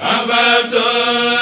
أبدا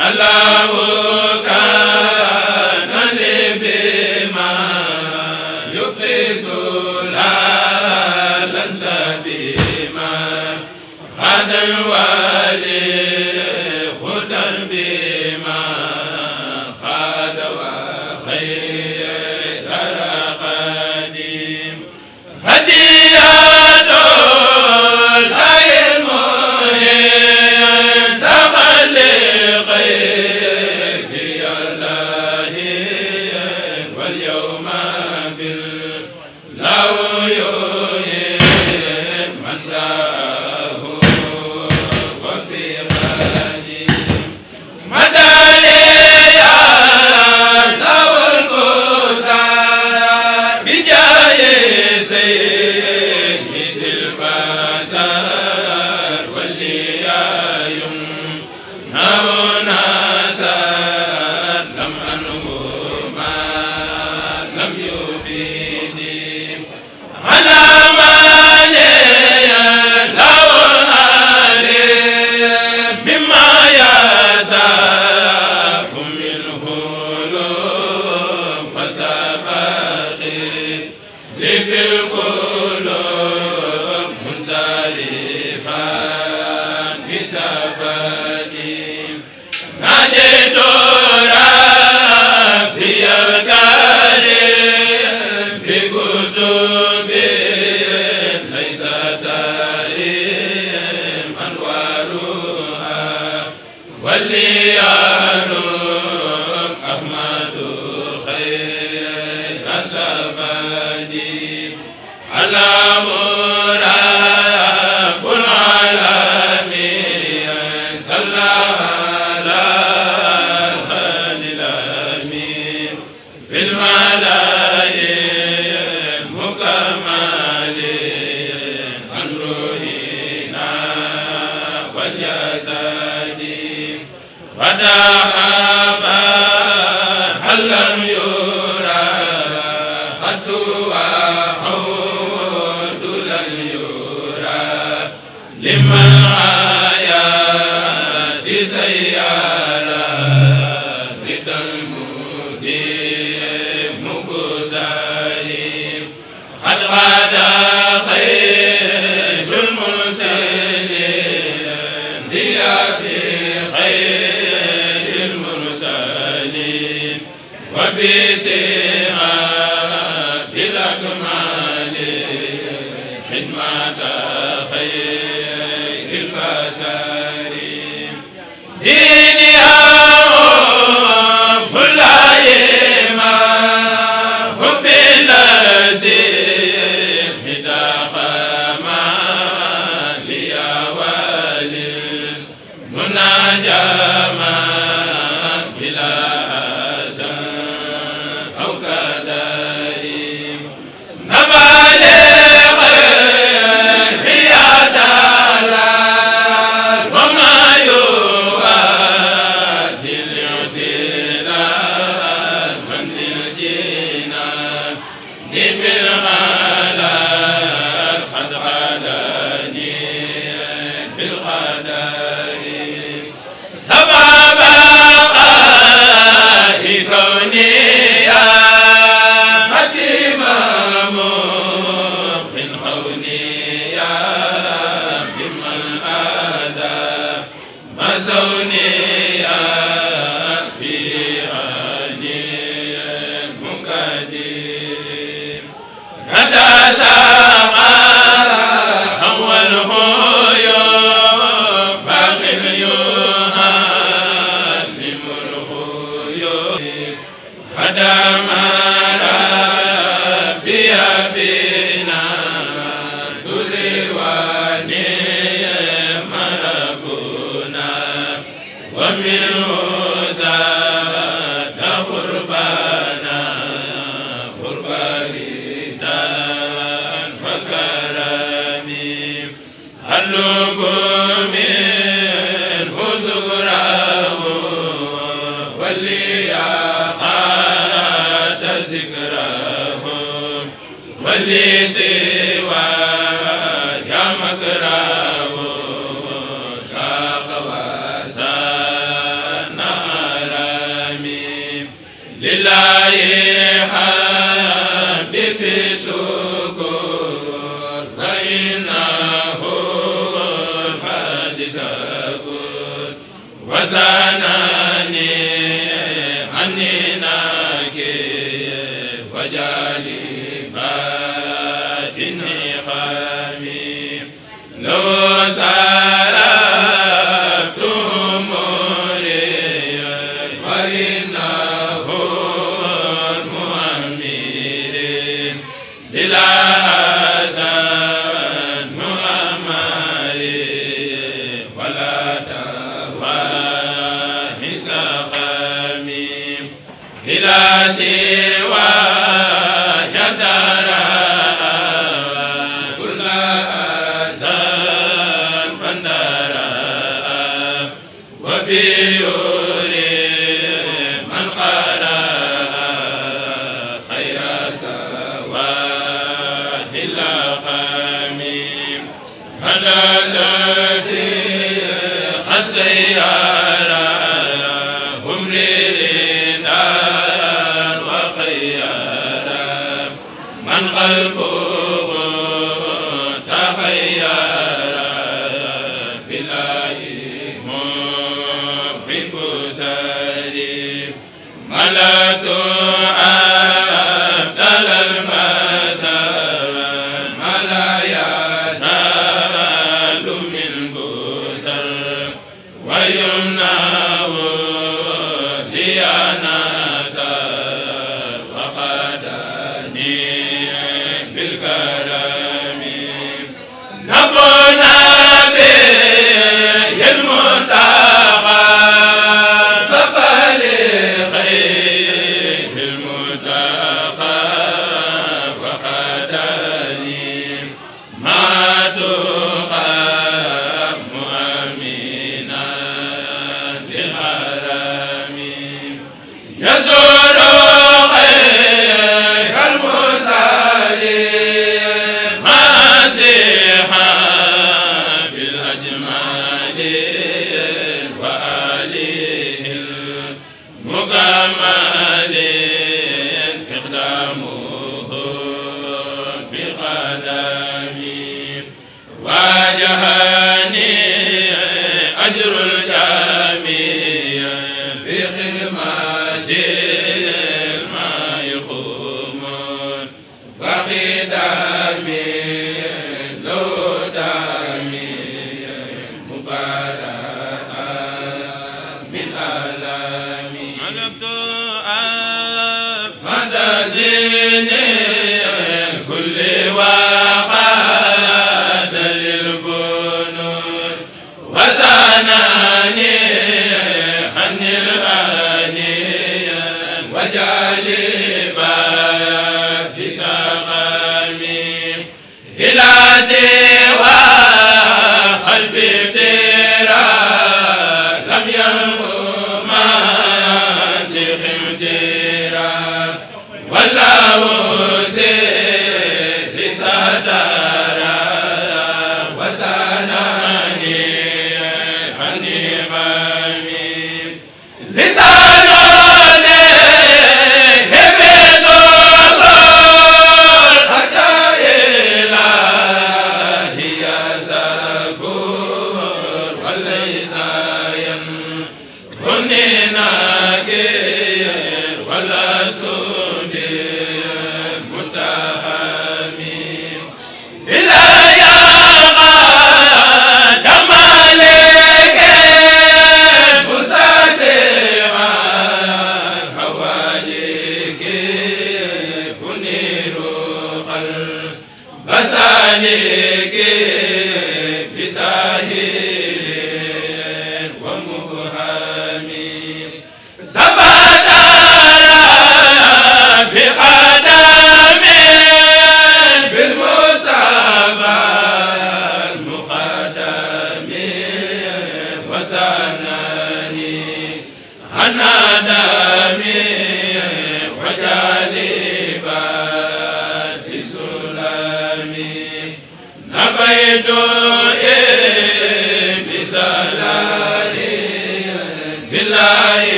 Allahu اليوم محمد على محمد lillah xalko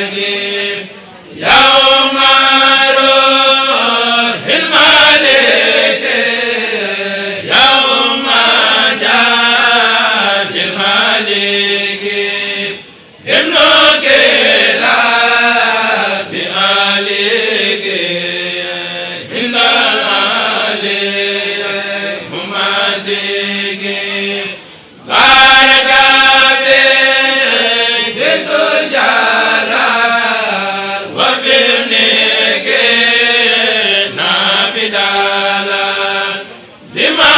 yaa lima